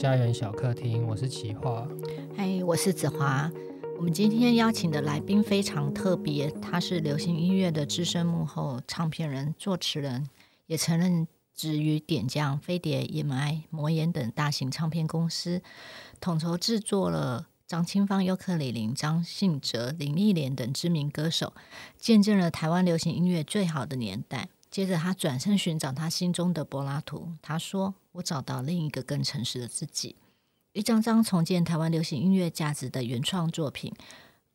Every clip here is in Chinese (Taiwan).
家園小客廳，我是企劃。嗨，我是子華。我們今天邀請的來賓非常特別，他是流行音樂的資深幕後唱片人、作詞人，也曾任職於點將、飛碟、EMI、魔岩等大型唱片公司，統籌製作了張清芳、優客李林、張信哲、林憶蓮等知名歌手，見證了台灣流行音樂最好的年代。接着，他轉身尋找他心中的柏拉圖。他說：“我找到另一個更誠實的自己。”一張張重建台灣流行音樂價值的原創作品。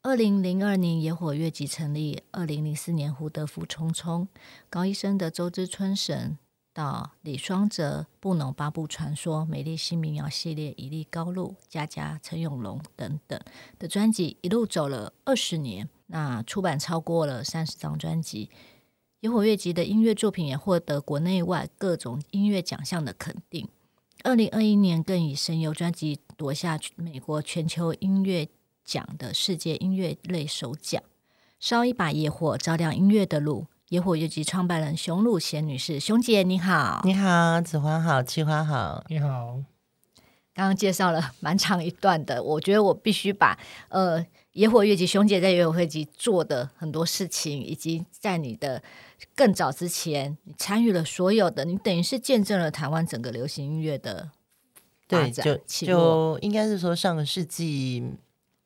二零零二年，野火樂集成立；二零零四年，胡德夫、匆匆。高一生的《鄒之春神》到李雙澤、布農八部傳說、美麗心民謠系列、以莉高露、佳佳、陳永龍等等的專輯，一路走了二十年，那出版超過了三十張專輯。野火樂集的音樂作品也獲得國內外各種音樂獎項的肯定，二零二一年更以神遊專輯奪下美國全球音樂獎的世界音樂類首獎。燒一把野火，照亮音樂的路。野火樂集創辦人熊儒賢女士，熊姐你好！你好，子花好，七花好，你好。剛剛介紹了蠻長一段的，我覺得我必須把呃，野火樂集熊姐在野火樂集做的很多事情，以及在你的。更早之前，你參與了所有的，你等於是見證了台灣整個流行音樂的發展。對，就，就應該是說，上個世紀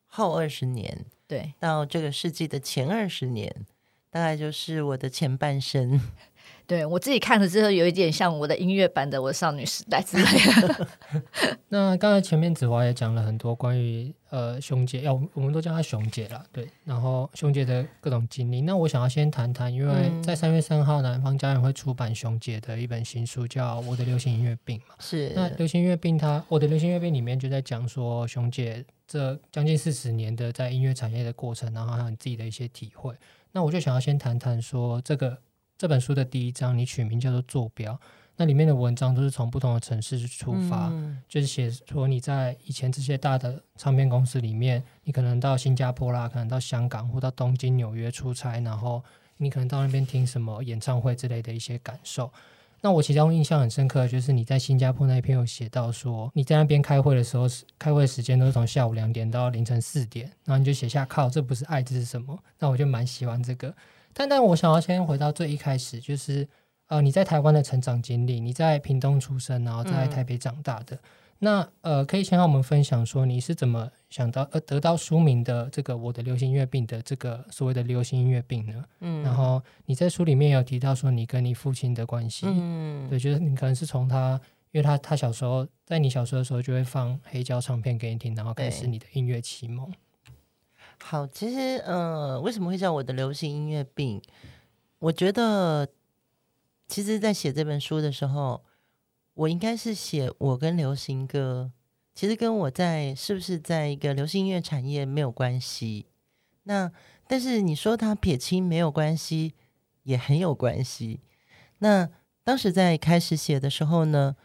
後二十年，對，到這個世紀的前二十年，大概就是我的前半生。對，我自己看了之後，有一點像我的音樂版的我的少女時代之類的 。 那剛才前面子華也講了很多關於呃熊姐，要、呃、我們都叫她熊姐啦。對。然後熊姐的各種經歷，那我想要先談談，因為在三月三號，南方家園會出版熊姐的一本新書，叫《我的流行音樂病》嘛。是，那《流行音樂病》它《我的流行音樂病》裡面就在講說熊姐這將近四十年的在音樂產業的過程，然後還有你自己的一些體會。那我就想要先談談說這個。這本書的第一章，你取名叫做“坐標”，那裡面的文章都是從不同的城市出發，嗯，就是寫說你在以前這些大的唱片公司裡面，你可能到新加坡啦，可能到香港或到東京、紐約出差，然後你可能到那邊聽什麼演唱會之類的一些感受。那我其中印象很深刻，就是你在新加坡那一篇有寫到說，你在那邊開會的時候，開會時間都是從下午兩點到凌晨四點，然後你就寫下“靠，這不是愛，這是什麼？”那我就蠻喜歡這個。但但我想要先回到最一開始，就是呃，你在台灣的成長經歷，你在屏東出生，然後在台北長大的。嗯、那呃，可以先和我們分享說，你是怎麼想到呃得到書名的？這個《我的流行音樂病》的這個所謂的流行音樂病呢？嗯，然後你在書裡面有提到說，你跟你父親的關係，嗯，對，就是你可能是從他，因為他他小時候在你小時候的時候就會放黑膠唱片給你聽，然後開始你的音樂啟蒙。嗯好，其實呃，為什麼會叫我的流行音樂病？我覺得，其實，在寫這本書的時候，我應該是寫我跟流行歌，其實跟我在是不是在一個流行音樂產業沒有關係。那但是你說他撇清沒有關係，也很有關係。那當時在開始寫的時候呢，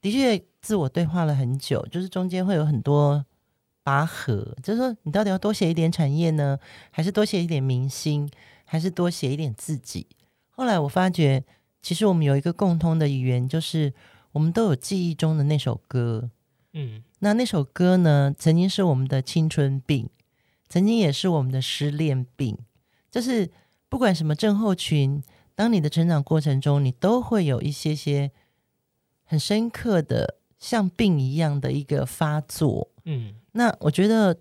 的確自我對話了很久，就是中間會有很多。拔河，就是說，你到底要多寫一點產業呢，還是多寫一點明星，還是多寫一點自己？後來我發覺，其實我們有一個共通的語言，就是我們都有記憶中的那首歌。嗯，那那首歌呢，曾經是我們的青春病，曾經也是我們的失戀病。就是不管什麼症候群，當你的成長過程中，你都會有一些些很深刻的像病一樣的一個發作。嗯。那我覺得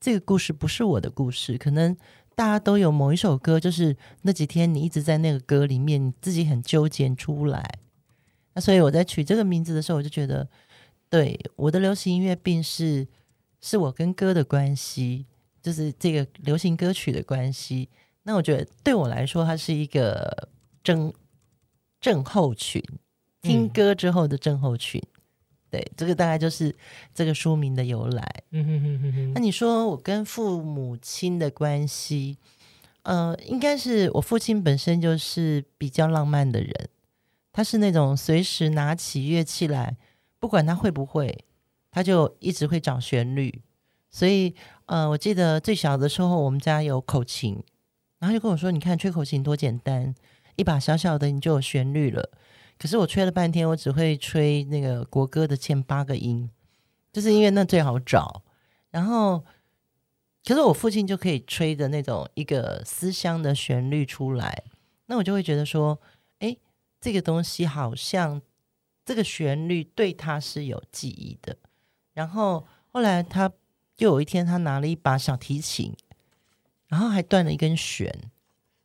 這個故事不是我的故事，可能大家都有某一首歌，就是那幾天你一直在那個歌裡面，你自己很糾結出來。那所以我在取這個名字的時候，我就覺得，對我的流行音樂病是，是我跟歌的關係，就是這個流行歌曲的關係。那我覺得對我來說，它是一個症症候群，聽歌之後的症候群。嗯對，這個大概就是這個書名的由來。嗯哼哼哼哼。那你說我跟父母親的關係，呃，應該是我父親本身就是比較浪漫的人，他是那種隨時拿起樂器來，不管他會不會，他就一直會找旋律。所以，呃，我記得最小的時候，我們家有口琴，然後就跟我說：“你看吹口琴多簡單，一把小小的你就有旋律了。”可是我吹了半天，我只會吹那個國歌的前八個音，就是因為那最好找。然後，可是我父親就可以吹的那種一個思鄉的旋律出來，那我就會覺得說，哎，這個東西好像這個旋律對他是有記憶的。然後後來他又有一天，他拿了一把小提琴，然後還斷了一根弦，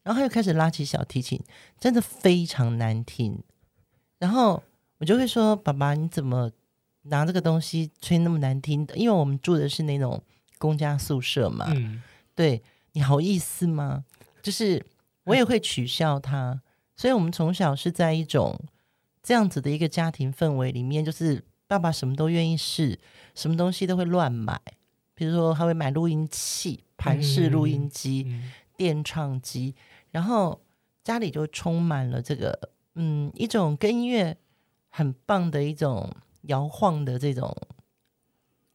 然後他又開始拉起小提琴，真的非常難聽。然後我就會說：“爸爸，你怎麼拿這個東西吹那麼難聽的？因為我們住的是那種公家宿舍嘛、嗯，對，你好意思嗎？就是我也會取笑他、嗯，所以我們從小是在一種這樣子的一個家庭氛圍裡面，就是爸爸什麼都願意試，什麼東西都會亂買，比如說他會買錄音器、盤式錄音機、嗯、電唱機，然後家裡就充滿了這個。”嗯，一種跟音樂很棒的一種搖晃的這種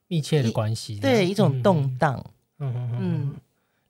密切的關係的，對，一種動盪。嗯，嗯，嗯，嗯，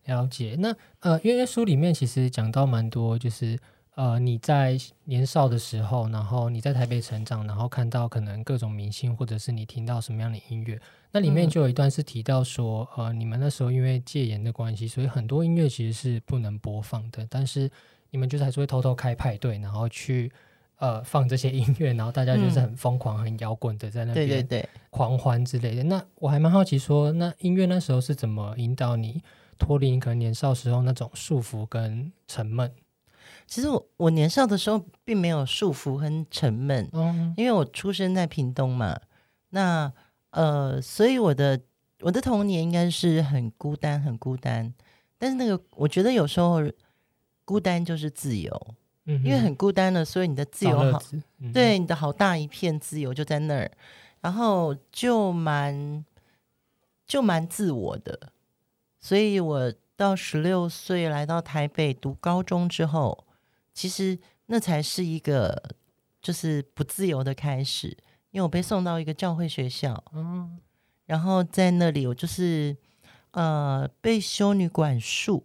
了解。那呃，因為書裡面其實講到蠻多，就是呃，你在年少的時候，然後你在台北成長，嗯，然後看到可能各種明星，或者是你聽到什麼樣的音樂。那裡面就有一段是提到說，嗯，呃，你們那時候因為戒嚴的關係，所以很多音樂其實是不能播放的，但是。你們就是還是會偷偷開派對，然後去呃放這些音樂，然後大家就是很瘋狂，嗯，很搖滾的在那邊對對對狂歡之類的。那我還蠻好奇說，說那音樂那時候是怎麼引導你脫離你可能年少時候那種束縛跟沉悶？其實我我年少的時候並沒有束縛跟沉悶，嗯，因為我出生在屏東嘛，那呃，所以我的我的童年應該是很孤單，很孤單。但是那個我覺得有時候。孤單就是自由，嗯，因為很孤單了，所以你的自由好，嗯，對，你的好大一片自由就在那兒，然後就蠻就蠻自我的，所以我到十六歲來到台北讀高中之後，其實那才是一個就是不自由的開始，因為我被送到一個教會學校，嗯，然後在那裡我就是呃被修女管束，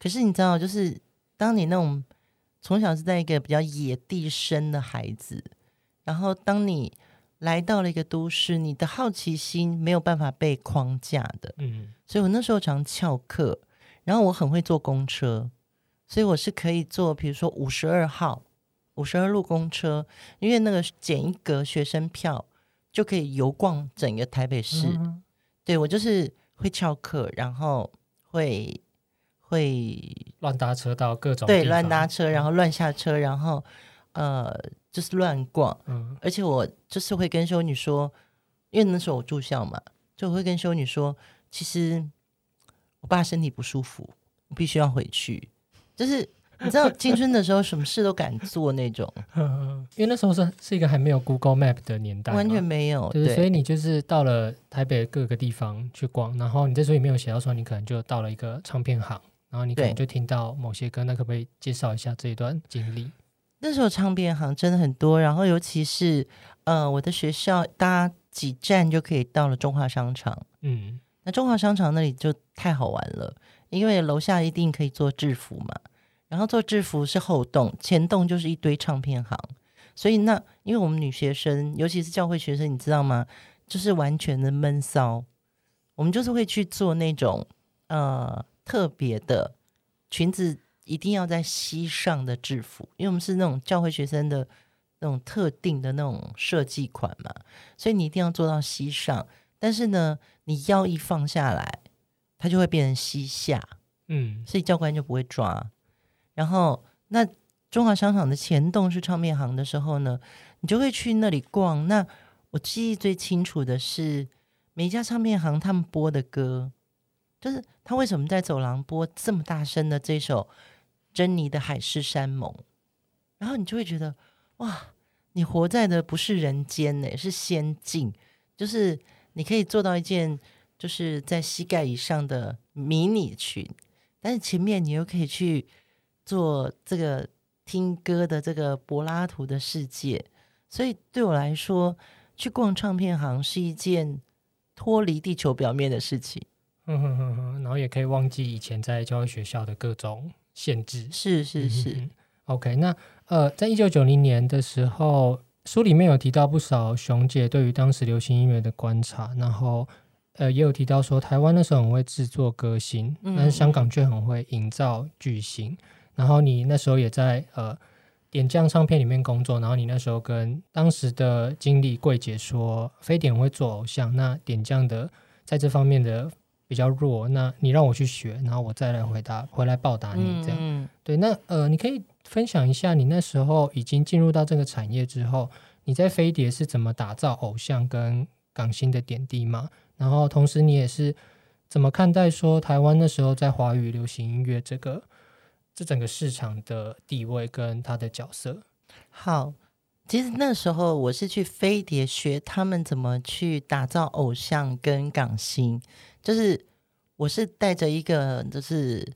可是你知道就是。當你那種從小是在一個比較野地生的孩子，然後當你來到了一個都市，你的好奇心沒有辦法被框架的，嗯，所以我那時候常翹課，然後我很會坐公車，所以我是可以坐，比如說五十二號、五十二路公車，因為那個剪一格學生票就可以遊逛整個台北市。嗯、對，我就是會翹課，然後會。會亂搭車到各種，對亂搭車，然後亂下車，然後呃，就是亂逛。嗯，而且我就是會跟修女說，因為那時候我住校嘛，就會跟修女說，其實我爸身體不舒服，我必須要回去。就是你知道青春的時候什麼事都敢做那種， 嗯、因為那時候是是一個還沒有 Google Map 的年代、啊，完全沒有，對、就是，所以你就是到了台北各個地方去逛，然後你這時候也沒有寫到說，你可能就到了一個唱片行。然後你可能就聽到某些歌，那可不可以介紹一下這一段經歷？那時候唱片行真的很多，然後尤其是呃，我的學校搭幾站就可以到了中華商場。嗯，那中華商場那裡就太好玩了，因為樓下一定可以做制服嘛。然後做制服是後棟，前棟就是一堆唱片行，所以那因為我們女學生，尤其是教會學生，你知道嗎？就是完全的悶騷，我們就是會去做那種呃。特別的裙子一定要在膝上的制服，因為我們是那種教會學生的那種特定的那種設計款嘛，所以你一定要做到膝上。但是呢，你腰一放下來，它就會變成膝下，嗯，所以教官就不會抓。然後，那中華商場的前棟是唱片行的時候呢，你就會去那裡逛。那我記憶最清楚的是，每一家唱片行他們播的歌。就是他為什麼在走廊播這麼大聲的這首珍妮的海誓山盟？然後你就會覺得哇，你活在的不是人間也，欸，是仙境。就是你可以做到一件就是在膝蓋以上的迷你裙，但是前面你又可以去做這個聽歌的這個柏拉圖的世界。所以對我來說，去逛唱片行是一件脫離地球表面的事情。嗯哼哼哼，然後也可以忘記以前在教會學校的各種限制。是是是、嗯、哼哼，OK 那。那呃，在一九九零年的時候，書裡面有提到不少熊姐對於當時流行音樂的觀察，然後呃，也有提到說，台灣那時候很會制作歌星，但是香港卻很會營造巨星。嗯、然後你那時候也在呃點將唱片裡面工作，然後你那時候跟當時的經理桂姐說，飛碟會做偶像，那點將的在這方面的。比較弱，那你讓我去學，然後我再來回答，回來報答你這樣。嗯，對，那呃，你可以分享一下你那時候已經進入到這個產業之後，你在飛碟，是怎麼打造偶像跟港星的點滴嗎？然後同時你也是怎麼看待說台灣那時候在華語流行音樂這個這整個市場的地位跟它的角色？好，其實那時候我是去飛碟學他們怎麼去打造偶像跟港星。就是我是帶着一個，就是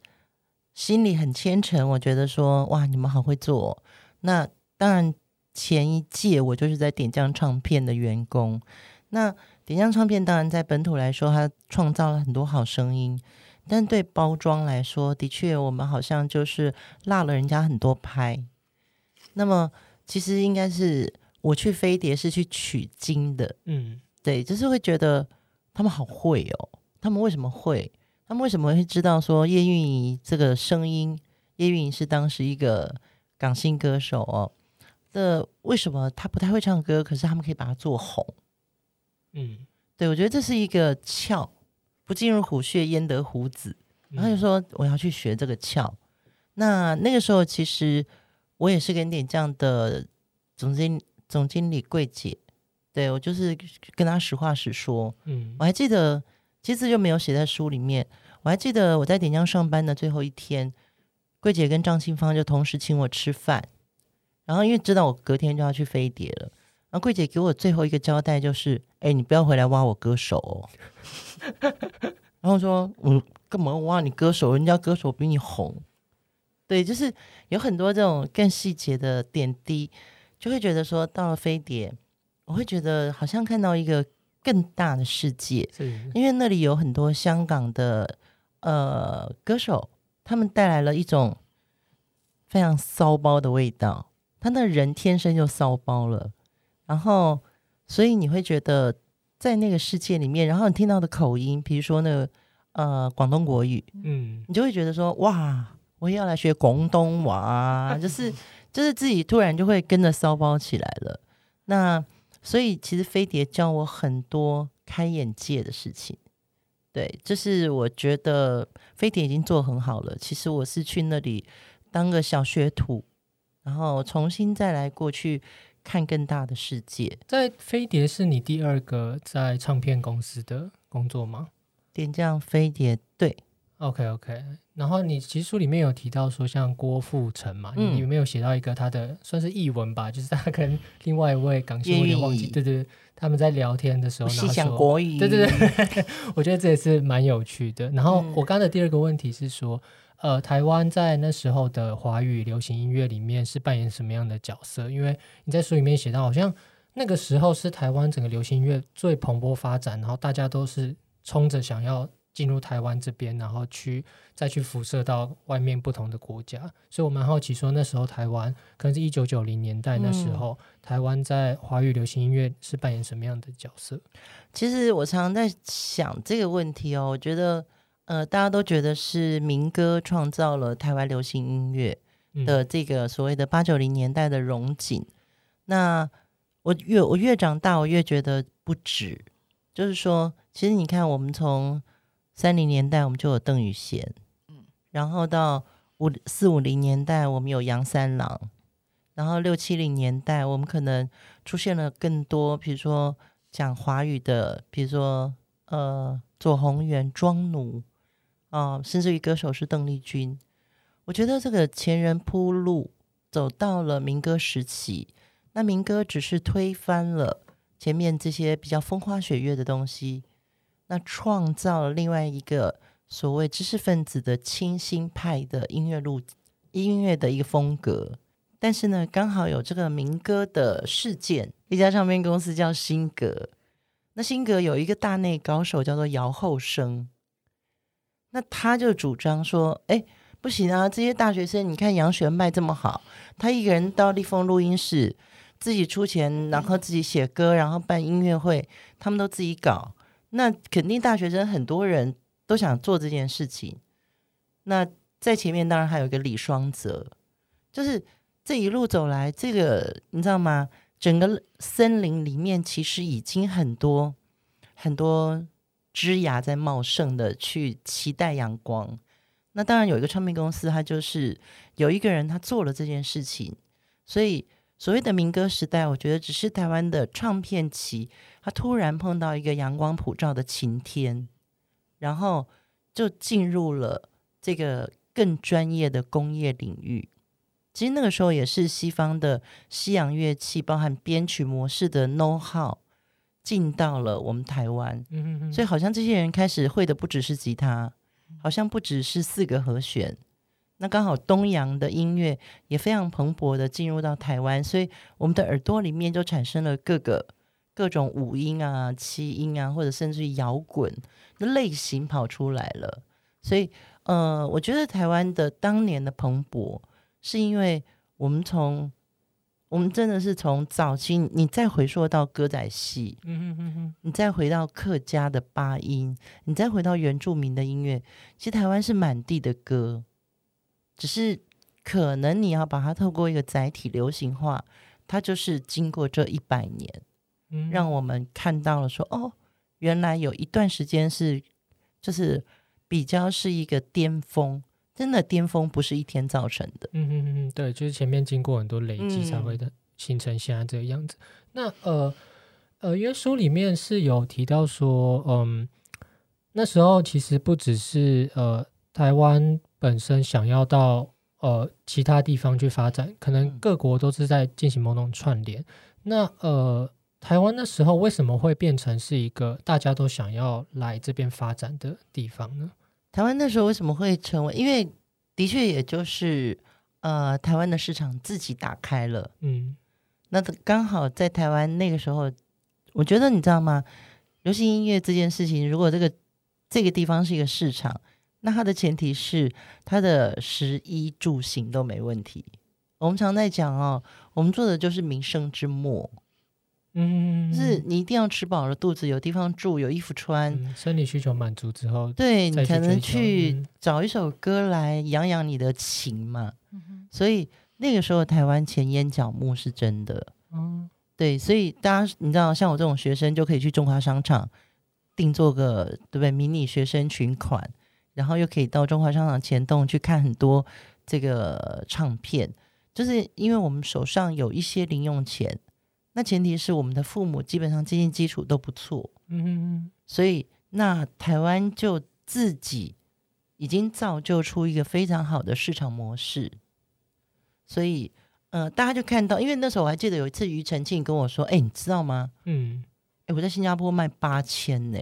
心裡很虔誠。我覺得說哇，你們好會做哦。那當然，前一屆我就是在點將唱片的員工。那點將唱片當然在本土來說，它創造了很多好聲音。但對包裝來說，的確我們好像就是落了人家很多拍。那麼其實應該是我去飛碟是去取經的。嗯，對，就是會覺得他們好會哦。他們為什麼會？他們為什麼會知道說葉蘊儀這個聲音？葉蘊儀是當時一個港星歌手哦。這為什麼他不太會唱歌，可是他們可以把它做紅？嗯，對，我覺得這是一個竅，不進入虎穴焉得虎子。然後他就說我要去學這個竅。嗯。那那個時候其實我也是跟點將的總經理總經理桂姐，對我就是跟他實話實說。嗯，我還記得。其實就沒有寫在書裡面。我還記得我在點將上班的最後一天，桂姐跟張清芳就同時請我吃飯。然後因為知道我隔天就要去飛碟了，然後桂姐給我最後一個交代就是：“哎，你不要回來挖我歌手哦。 ”然後說：“我幹嘛挖你歌手？人家歌手比你紅。”對，就是有很多這種更細節的點滴，就會覺得說到了飛碟，我會覺得好像看到一個。更大的世界，因為那裡有很多香港的呃歌手，他們帶來了一種非常騷包的味道。他那人天生就騷包了，然後所以你會覺得在那個世界裡面，然後你聽到的口音，比如說那個呃廣東國語，嗯，你就會覺得說，哇，我也要來學廣東話，就是就是自己突然就會跟着騷包起來了。那所以其實飛碟教我很多開眼界的事情，對，這、就是我覺得飛碟已經做得很好了。其實我是去那裡當個小學徒，然後重新再來過去看更大的世界。在飛碟是你第二個在唱片公司的工作嗎？點將飛碟對。OK OK，然後你其實書裡面有提到說，像郭富城嘛，你有沒有寫到一個他的、嗯、算是譯文吧，就是他跟另外一位港星，有點忘記，對對對，他們在聊天的時候，然後講國語，對對對， 我覺得這也是蠻有趣的。然後我剛剛的第二個問題是說，嗯、呃，台灣在那時候的華語流行音樂裡面是扮演什麼樣的角色？因為你在書裡面寫到，好像那個時候是台灣整個流行音樂最蓬勃發展，然後大家都是衝着想要。進入台灣這邊，然後去再去輻射到外面不同的國家，所以我蠻好奇，說那時候台灣可能是一九九零年代那時候，嗯、台灣在華語流行音樂是扮演什麼樣的角色？其實我常常在想這個問題哦，我覺得呃，大家都覺得是民歌創造了台灣流行音樂的這個所謂的八九零年代的榮景、嗯。那我越我越長大，我越覺得不止，就是說，其實你看，我們從三零年代，我們就有鄧雨賢，嗯，然後到五四五零年代，我們有楊三郎，然後六七零年代，我們可能出現了更多，比如說講華語的，比如說呃，左宏元、莊奴啊，呃，甚至於歌手是鄧麗君。我覺得這個前人鋪路，走到了民歌時期，那民歌只是推翻了前面這些比較風花雪月的東西。那創造了另外一個所謂知識分子的清新派的音樂路，音樂的一個風格。但是呢，剛好有這個民歌的事件，一家唱片公司叫新格。那新格有一個大內高手叫做姚厚生，那他就主張說：“哎、欸，不行啊！這些大學生，你看楊弦賣這麼好，他一個人到立峰錄音室，自己出錢，然後自己寫歌，然後辦音樂會，他們都自己搞。”那肯定，大學生很多人都想做這件事情。那在前面，當然還有一個李雙澤，就是這一路走來，這個你知道嗎？整個森林裡面其實已經很多很多枝芽在茂盛的去期待陽光。那當然有一個唱片公司，他就是有一個人他做了這件事情，所以。所謂的民歌時代，我覺得只是台灣的唱片期，他突然碰到一個陽光普照的晴天，然後就進入了這個更專業的工業領域。其實那個時候也是西方的西洋樂器，包含編曲模式的 know how 進到了我們台灣。嗯，所以好像這些人開始會的不只是吉他，好像不只是四個和弦。那剛好，東洋的音樂也非常蓬勃的進入到台灣，所以我們的耳朵裡面就產生了各個各種五音啊、七音啊，或者甚至於搖滾的類型跑出來了。所以，呃，我覺得台灣的當年的蓬勃，是因為我們從我們真的是從早期，你再回溯到歌仔戲，嗯哼哼，你再回到客家的八音，你再回到原住民的音樂，其實台灣是滿地的歌。只是可能你要把它透過一個載體流行化，它就是經過這一百年，嗯，讓我們看到了說哦，原來有一段時間是就是比較是一個巔峰，真的巔峰不是一天造成的。嗯嗯嗯，對，就是前面經過很多累積才會的形成現在這個樣子。嗯、那呃呃，因為書裡面是有提到說，嗯，那時候其實不只是呃台灣。本身想要到呃其他地方去發展，可能各國都是在進行某種串聯，嗯。那呃，台灣那時候為什麼會變成是一個大家都想要來這邊發展的地方呢？台灣那時候為什麼會成為？因為的確也就是呃，台灣的市場自己打開了。嗯，那剛好在台灣那個時候，我覺得你知道嗎？流行音樂這件事情，如果這個這個地方是一個市場，那他的前提是他的食衣住行都沒問題。我們常在講哦，我們做的就是民生之末。嗯,嗯,嗯，就是你一定要吃飽了肚子，有地方住，有衣服穿，生、嗯、理需求滿足之後，對你才能去找一首歌來養養你的情嘛嗯嗯。所以那個時候台灣錢淹腳目是真的。嗯，對，所以大家你知道，像我這種學生就可以去中華商場定做個對不對迷你學生裙款。然後又可以到中華商場前棟去看很多這個唱片，就是因為我們手上有一些零用錢，那前提是我們的父母基本上經濟基礎都不錯，嗯、嗯，所以那台灣就自己已經造就出一個非常好的市場模式，所以呃，大家就看到，因為那時候我還記得有一次庾澄慶跟我說，哎、欸，你知道嗎？嗯，哎，我在新加坡賣八千呢，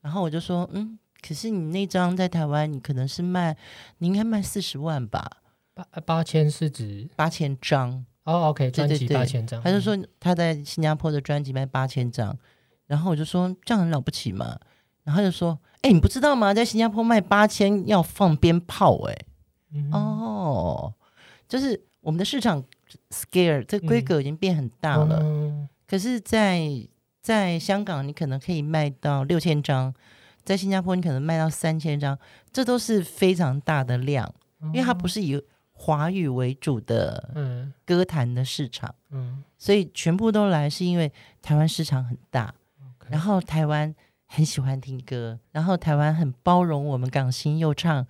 然後我就說，嗯。可是你那張在台灣，你可能是賣，你應該賣四十萬吧？八八千是指八千張哦。OK，對對對，專輯八千張。他就說他在新加坡的專輯賣八千張、嗯，然後我就說這樣很了不起嘛。然後他就說，哎、欸，你不知道嗎？在新加坡賣八千要放鞭炮哎、欸。哦、嗯，oh, 就是我們的市場 scale，這個規格已經變很大了。嗯嗯、可是在在香港，你可能可以賣到六千張。在新加坡，你可能賣到三千張，這都是非常大的量，嗯，因為它不是以華語為主的歌壇的市場、嗯，所以全部都來是因為台灣市場很大，嗯，然後台灣很喜歡聽歌，然後台灣很包容，我們港星又唱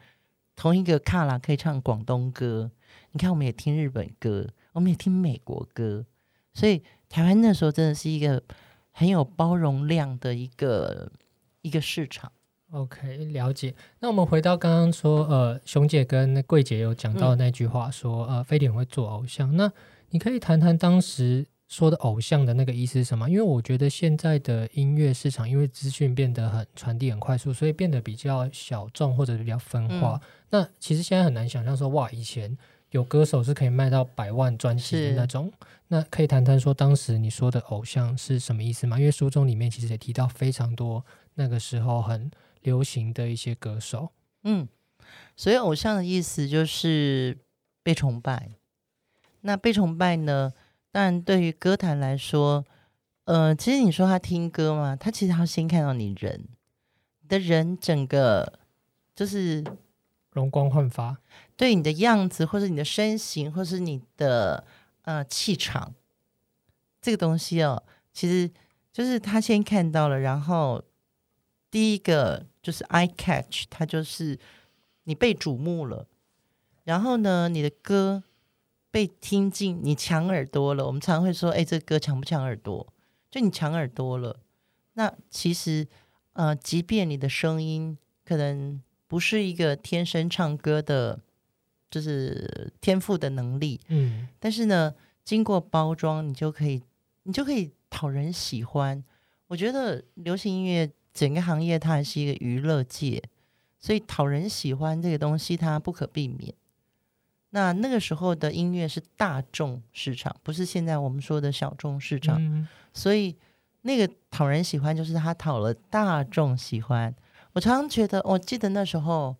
同一個卡拉可以唱廣東歌，你看我們也聽日本歌，我們也聽美國歌，所以台灣那時候真的是一個很有包容量的一個。一個市場，OK，了解。那我們回到剛剛說，呃，熊姐跟桂姐有講到的那句話說，說、嗯、呃，飛碟會做偶像。那你可以談談當時說的偶像的那個意思是什麼？因為我覺得現在的音樂市場，因為資訊變得很傳遞很快速，所以變得比較小眾或者比較分化、嗯。那其實現在很難想象說，哇，以前有歌手是可以賣到百萬專輯的那種。那可以談談說當時你說的偶像是什麼意思嗎？因為書中裡面其實也提到非常多。那個時候很流行的一些歌手，嗯，所以偶像的意思就是被崇拜。那被崇拜呢？當然，對於歌壇來說，呃，其實你說他聽歌嘛，他其實他先看到你人，你的人整個就是容光煥發，對你的樣子，或是你的身形，或是你的呃氣場，這個東西哦、喔，其實就是他先看到了，然後。第一個就是 eye catch，它，就是你被矚目了，然後呢，你的歌被聽進你搶耳朵了。我們常會說，哎、欸，這個、歌搶不搶耳朵？就你搶耳朵了。那其實，呃，即便你的聲音可能不是一個天生唱歌的，就是天賦的能力，嗯，但是呢，經過包裝，你就可以，你就可以討人喜歡。我覺得流行音樂。整個行業它還是一個娛樂界，所以討人喜歡這個東西它不可避免。那那個時候的音樂是大眾市場，不是現在我們說的小眾市場，嗯，所以那個討人喜歡就是他討了大眾喜歡。我常常覺得，我記得那時候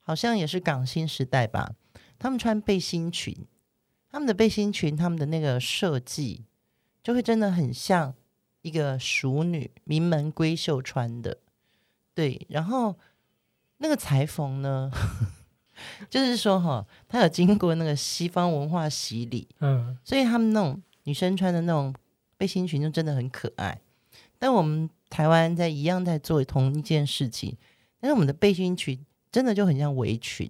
好像也是港星時代吧，他們穿背心裙，他們的背心裙，他們的那個設計就會真的很像。一個淑女、名門閨秀穿的，對，然後那個裁縫呢， 就是說哈，他有經過那個西方文化洗禮，嗯，所以他們那種女生穿的那種背心裙就真的很可愛。但我們台灣在一樣在做同一件事情，但是我們的背心裙真的就很像圍裙。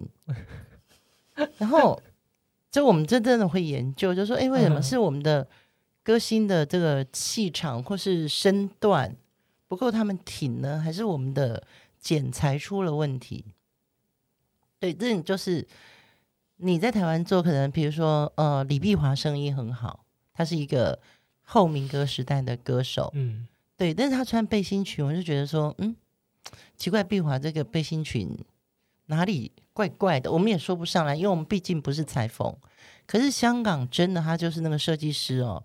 然後，就我們就真正的會研究，就說哎，為什麼是我們的？歌星的這個氣場或是身段不夠，他們挺呢，還是我們的剪裁出了問題？對，這就是你在台灣做，可能比如說呃，李碧華聲音很好，他是一個後民歌時代的歌手，嗯，對，但是他穿背心裙，我就覺得說，嗯，奇怪，碧華這個背心裙哪裡怪怪的？我們也說不上來，因為我們畢竟不是裁縫。可是香港真的，他就是那個設計師哦。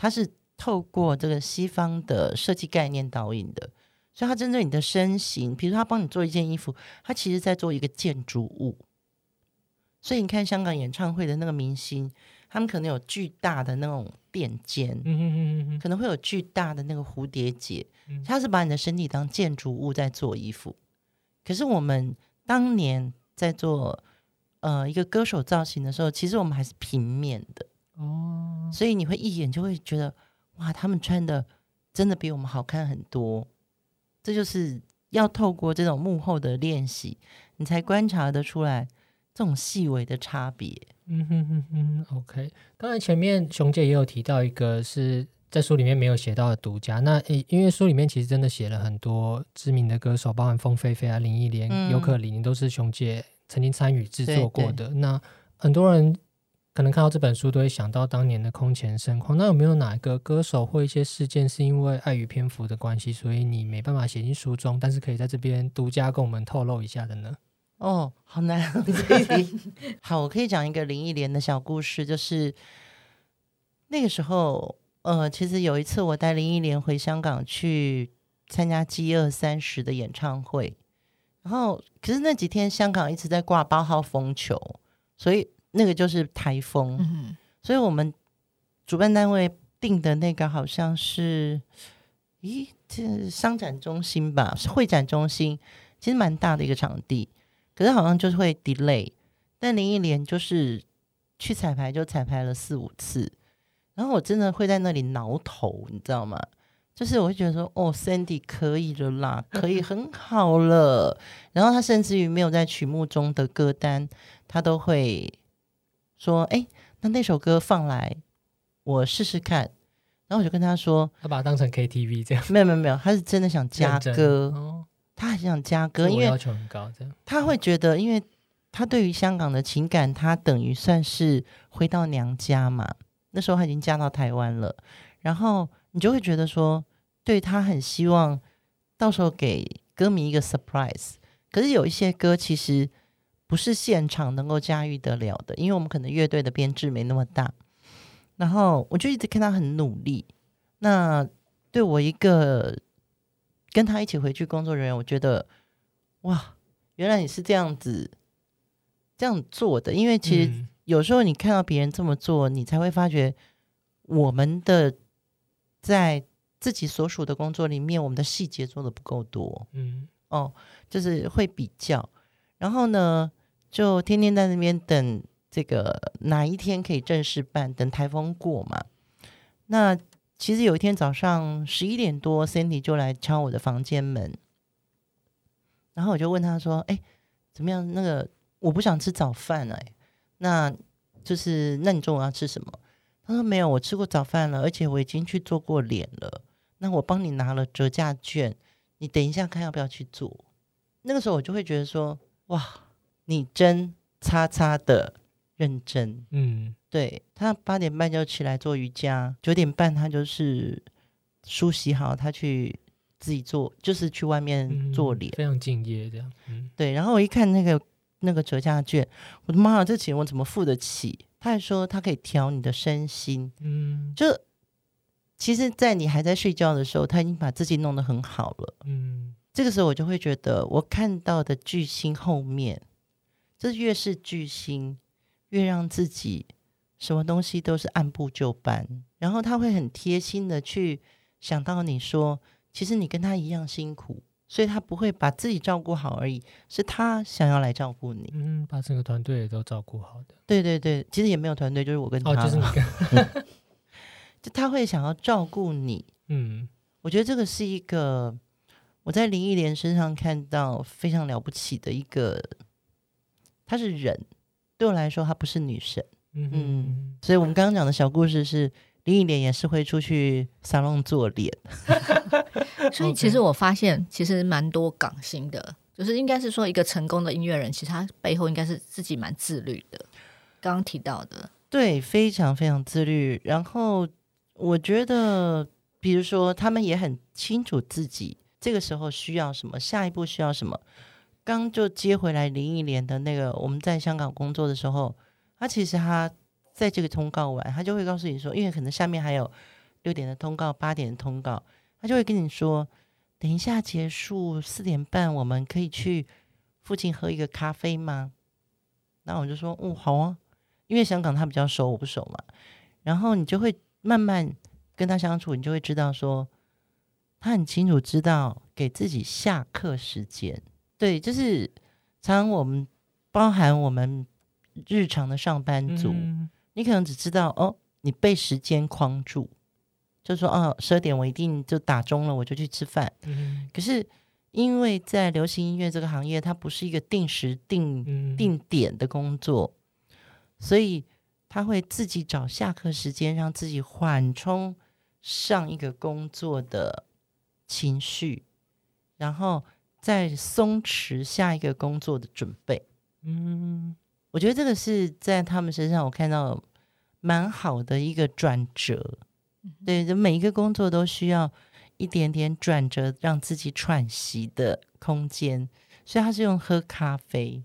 它是透過這個西方的設計概念導引的，所以它針對你的身形，比如他幫你做一件衣服，他其實在做一個建築物。所以你看香港演唱會的那個明星，他們可能有巨大的那種墊肩， 可能會有巨大的那個蝴蝶結，他是把你的身體當建築物在做衣服。可是我們當年在做呃一個歌手造型的時候，其實我們還是平面的。哦、oh，所以你會一眼就會覺得，哇，他們穿的真的比我們好看很多。這就是要透過這種幕後的練習，你才觀察得出來這種細微的差別。嗯哼哼哼，OK。剛才前面熊姐也有提到一個是在書裡面沒有寫到的獨家，那因為書裡面其實真的寫了很多知名的歌手，包含鳳飛飛啊、林憶蓮、優、嗯、客李林都是熊姐曾經參與制作過的。對對。那很多人。可能看到這本書都會想到當年的空前盛況。那有沒有哪一個歌手或一些事件是因為礙於篇幅的關係，所以你沒辦法寫進書中，但是可以在這邊獨家跟我們透露一下的呢？哦，好難 好，我可以講一個林憶蓮的小故事，就是那個時候，呃，其實有一次我帶林憶蓮回香港去參加《飢餓三十》的演唱會，然後可是那幾天香港一直在掛八號風球，所以。那個就是颱風，嗯，所以我們主辦單位定的那個好像是，咦，這商展中心吧，是會展中心，其實蠻大的一個場地，可是好像就是會 delay。但林憶蓮就是去彩排就彩排了四五次，然後我真的會在那裡撓頭，你知道嗎？就是我會覺得說，哦，Sandy 可以了啦，可以很好了。 然後他甚至於沒有在曲目中的歌單，他都會。說哎、欸，那那首歌放來，我試試看。然後我就跟他說，他把它當成 KTV 這樣。沒有沒有沒有，他是真的想加歌，哦、他很想加歌，要求很高，因為他會覺得，因為他對於香港的情感，他等於算是回到娘家嘛。那時候他已經嫁到台灣了，然後你就會覺得說，對，他很希望到時候給歌迷一個 surprise。可是有一些歌其實。不是現場能夠駕馭得了的，因為我們可能樂隊的編制沒那麼大。然後我就一直看他很努力。那對我一個跟他一起回去工作人員，我覺得哇，原來你是這樣子這樣做的。因為其實有時候你看到別人這麼做、嗯，你才會發覺我們的在自己所屬的工作裡面，我們的細節做的不夠多。嗯，哦，就是會比較。然後呢，就天天在那邊等這個哪一天可以正式辦，等台風過嘛。那其實有一天早上十一點多，Sandy 就來敲我的房間門，然後我就問他說：“哎、欸，怎麼樣？那個我不想吃早飯哎、啊欸，那就是那你中午要吃什麼？”他說：“沒有，我吃過早飯了，而且我已經去做過臉了。那我幫你拿了折價券，你等一下看要不要去做。”那個時候我就會覺得說：“哇！”你真擦擦的認真，嗯，對，他八點半就起來做瑜伽，九點半他就是梳洗好，他去自己做，就是去外面做臉，嗯，非常敬業這樣，嗯，對。然後我一看那個那個折價券，我的媽，這錢我怎麼付得起？他還說他可以調你的身心，嗯，就其實，在你還在睡覺的時候，他已經把自己弄得很好了，嗯。這個時候我就會覺得，我看到的巨星後面。這越是巨星，越讓自己什麼東西都是按部就班，然後他會很貼心的去想到你說，其實你跟他一樣辛苦，所以他不會把自己照顧好而已，是他想要來照顧你。嗯，把整個團隊也都照顧好的。對對對，其實也沒有團隊，就是我跟他，哦，就是你跟 就他會想要照顧你。嗯，我覺得這個是一個我在林憶蓮身上看到非常了不起的一個。她是人，對我來說，她不是女神。嗯，嗯，所以我們剛剛講的小故事是另一點，也是會出去撒 a 做臉。 所以其實我發現， 其實蠻多港星的，就是應該是說一個成功的音樂人，其實他背後應該是自己蠻自律的。剛剛提到的，對，非常非常自律。然後我覺得，比如說他們也很清楚自己這個時候需要什麼，下一步需要什麼。剛就接回來林憶蓮的那個，我們在香港工作的時候，他其實他在這個通告完，他就會告訴你說，因為可能下面還有六點的通告、八點的通告，他就會跟你說，等一下結束四點半，我們可以去附近喝一個咖啡嗎？那我就說，哦、嗯，好啊，因為香港他比較熟，我不熟嘛。然後你就會慢慢跟他相處，你就會知道說，他很清楚知道給自己下課時間。對，就是，常常我們包含我們日常的上班族，嗯嗯，你可能只知道哦，你被時間框住，就說哦，十二點我一定就打鐘了，我就去吃飯嗯嗯。可是因為在流行音樂這個行業，它不是一個定時定、嗯、定點的工作，所以他會自己找下課時間，讓自己緩衝上一個工作的情緒，然後。在鬆弛下一個工作的準備，嗯，我覺得這個是在他們身上我看到蠻好的一個轉折，嗯、對，就每一個工作都需要一點點轉折，讓自己喘息的空間，所以他是用喝咖啡，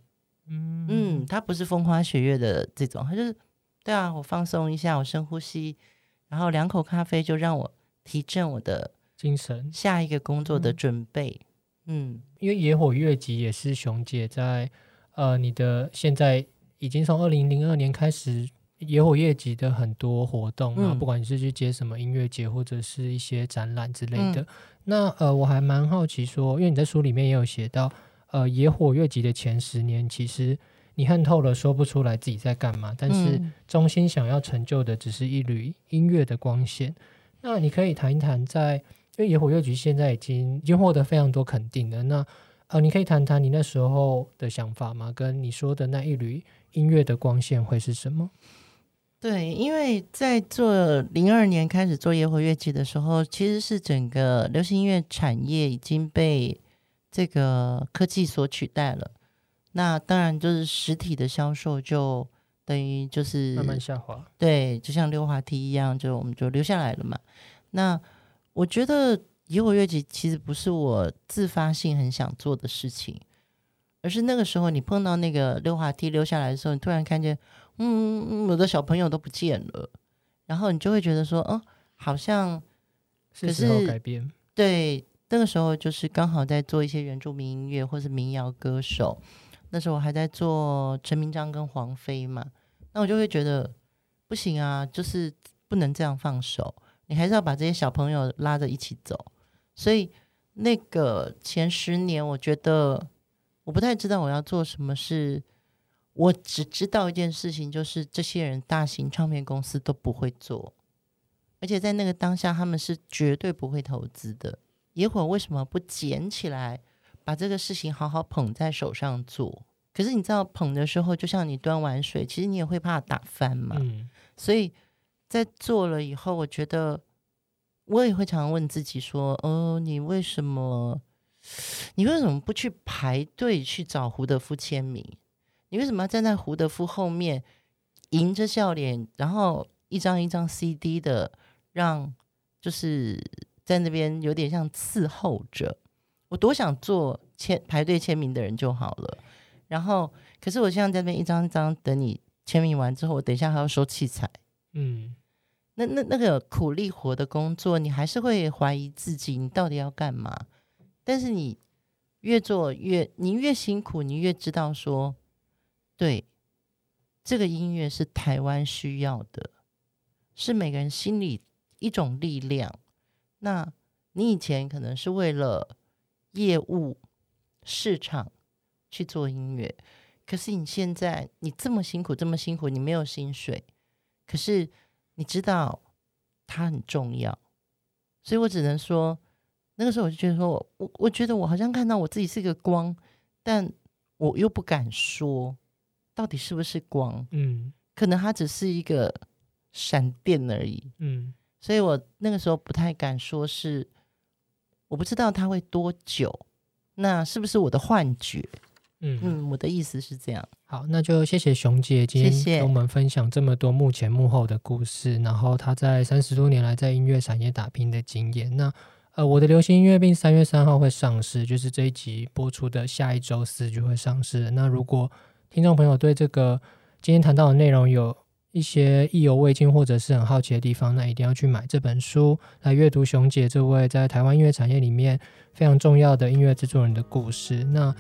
嗯，嗯，他不是風花雪月的這種，他就是，對啊，我放鬆一下，我深呼吸，然後兩口咖啡就讓我提振我的精神，下一個工作的準備。嗯，因為野火樂集也是熊姐在，呃，你的現在已經從二零零二年開始，野火樂集的很多活動，嗯、然後不管你是去接什麼音樂節或者是一些展覽之類的，嗯、那呃，我還蠻好奇說，因為你在書裡面也有寫到，呃，野火樂集的前十年，其實你恨透了說不出來自己在幹嘛，但是衷心想要成就的只是一縷音樂的光線，嗯、那你可以談一談在。所以，野火樂集現在已經已經獲得非常多肯定了，那呃，你可以談談你那時候的想法嗎？跟你說的那一縷音樂的光線會是什麼？對，因為在做零二年開始做野火樂集的時候，其實是整個流行音樂產業已經被這個科技所取代了。那當然就是實體的銷售就等於就是慢慢下滑，對，就像溜滑梯一樣，就我們就留下來了嘛。那我覺得野火樂集其實不是我自發性很想做的事情，而是那個時候你碰到那個溜滑梯溜下來的時候，你突然看見，嗯，我的小朋友都不見了，然後你就會覺得說，哦、嗯，好像可是，是時候改變。對，那個時候就是剛好在做一些原住民音樂或是民謠歌手，那時候我還在做陳明章跟黃妃嘛，那我就會覺得不行啊，就是不能這樣放手。你還是要把這些小朋友拉着一起走，所以那個前十年，我覺得我不太知道我要做什麼事，我只知道一件事情，就是這些人大型唱片公司都不會做，而且在那個當下，他們是絕對不會投資的。野火為什麼不撿起來，把這個事情好好捧在手上做？可是你知道捧的時候，就像你端碗水，其實你也會怕打翻嘛。嗯，所以。在做了以後，我覺得我也會常常問自己說：“哦，你為什麼？你為什麼不去排隊去找胡德夫簽名？你為什麼要站在胡德夫後面，迎着笑臉，然後一張一張 CD 的讓，就是在那邊有點像伺候着？我多想做簽排隊簽名的人就好了。然後，可是我現在在那邊一張一張等你簽名完之後，我等一下還要收器材，嗯。”那那那個苦力活的工作，你還是會懷疑自己，你到底要幹嘛？但是你越做越，你越辛苦，你越知道說，對，這個音樂是台灣需要的，是每個人心裡一種力量。那你以前可能是為了業務市場去做音樂，可是你現在你這麼辛苦，這麼辛苦，你沒有薪水，可是。你知道，它很重要，所以我只能說，那個時候我就覺得說，我我覺得我好像看到我自己是一個光，但我又不敢說，到底是不是光？嗯，可能它只是一個閃電而已。嗯，所以我那個時候不太敢說是，我不知道它會多久，那是不是我的幻覺？嗯嗯，我的意思是這樣。好，那就謝謝熊姐今天跟我們分享這麼多幕前幕後的故事，謝謝然後她在三十多年來在音樂產業打拼的經驗。那呃，我的流行音樂病三月三號會上市，就是這一集播出的下一週四就會上市。那如果聽眾朋友對這個今天談到的內容有一些意猶未盡，或者是很好奇的地方，那一定要去買這本書來閱讀熊姐這位在台灣音樂產業裡面非常重要的音樂製作人的故事。那。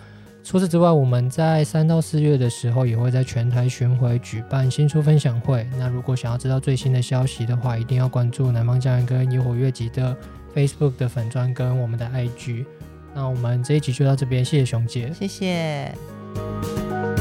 除此之外，我們在三到四月的時候也會在全台巡迴舉辦新書分享會。那如果想要知道最新的消息的話，一定要關注南方家園跟野火樂集的 Facebook 的粉專跟我們的 IG。那我們這一集就到這邊，謝謝熊姐，謝謝。